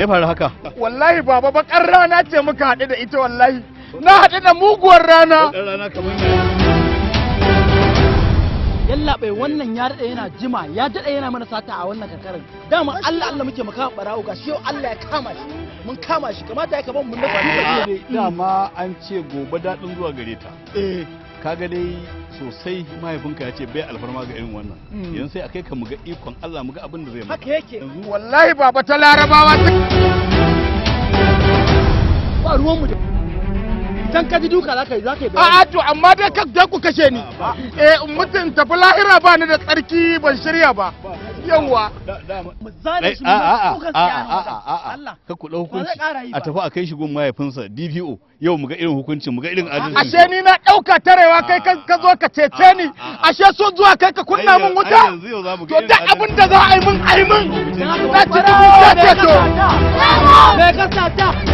me faru haka wallahi baba bakar rana ce muka haɗu da ita wallahi na haɗu da muguwar rana yalla bai wannan ya daɗe yana jima ya daɗe yana mana sata a wannan kankarar dama Allah Allah muke maka barawo ga shi yau Allah ya kama shi mun kama shi kamata ya kaban mun da ba dama an ce gobe daɗin zuwa gare ta eh kaga dai sosai mahaifinka ya ce bai alfarma ga irin wannan hmm. yanzu sai a kai ka muga ikon Allah muga abin da zai maka haka yake wallahi baba ta larabawa dan ka ji duka za ka yi za ka yi a'a to amma dai ka da ku kashe ni eh mutum tafi lahira ba ni da tsarki ban shirya ba yawa a'a ka kuɗa hukunci a tafi a kai shi gun mahaifinsa DPO yau mu ga irin hukuncin mu ga irin adalci ashe ni na ɗauka tarewa kai ka zo ka cece ni ashe sun zuwa kai ka kunna mun wuta to da abin da za a yi mun a yi mun za ci dubu ta ce to me ka sata